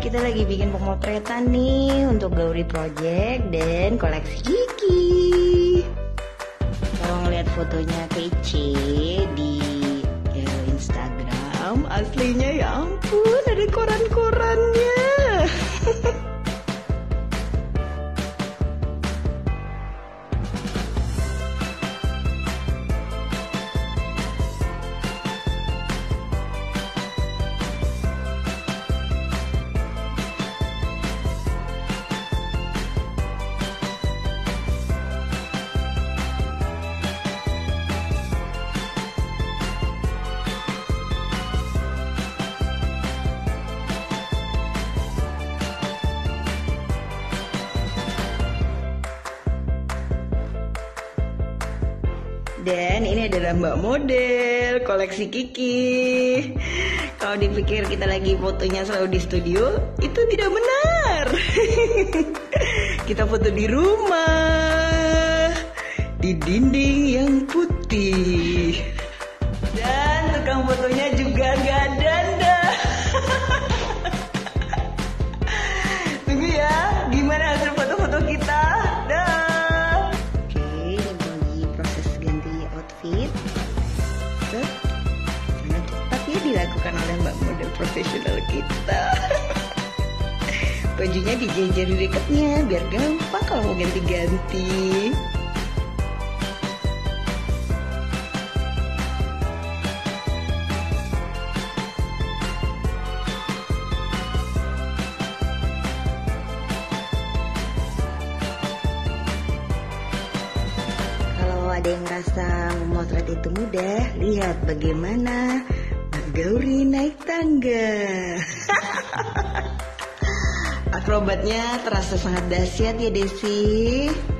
kita lagi bikin pemotretan nih untuk Gauri Project dan koleksi Kiki. Kalau ngeliat fotonya kece di ya, Instagram, aslinya ya ampun ada koran-korannya. Dan ini adalah Mbak Model, koleksi Kiki. Kalau dipikir kita lagi fotonya selalu di studio, itu tidak benar. kita foto di rumah, di dinding yang putih. dilakukan oleh mbak model profesional kita bajunya dijejer di dekatnya biar gampang kalau mau ganti-ganti ada yang merasa memotret itu mudah, lihat bagaimana Gauri naik tangga. Akrobatnya terasa sangat dahsyat ya Desi.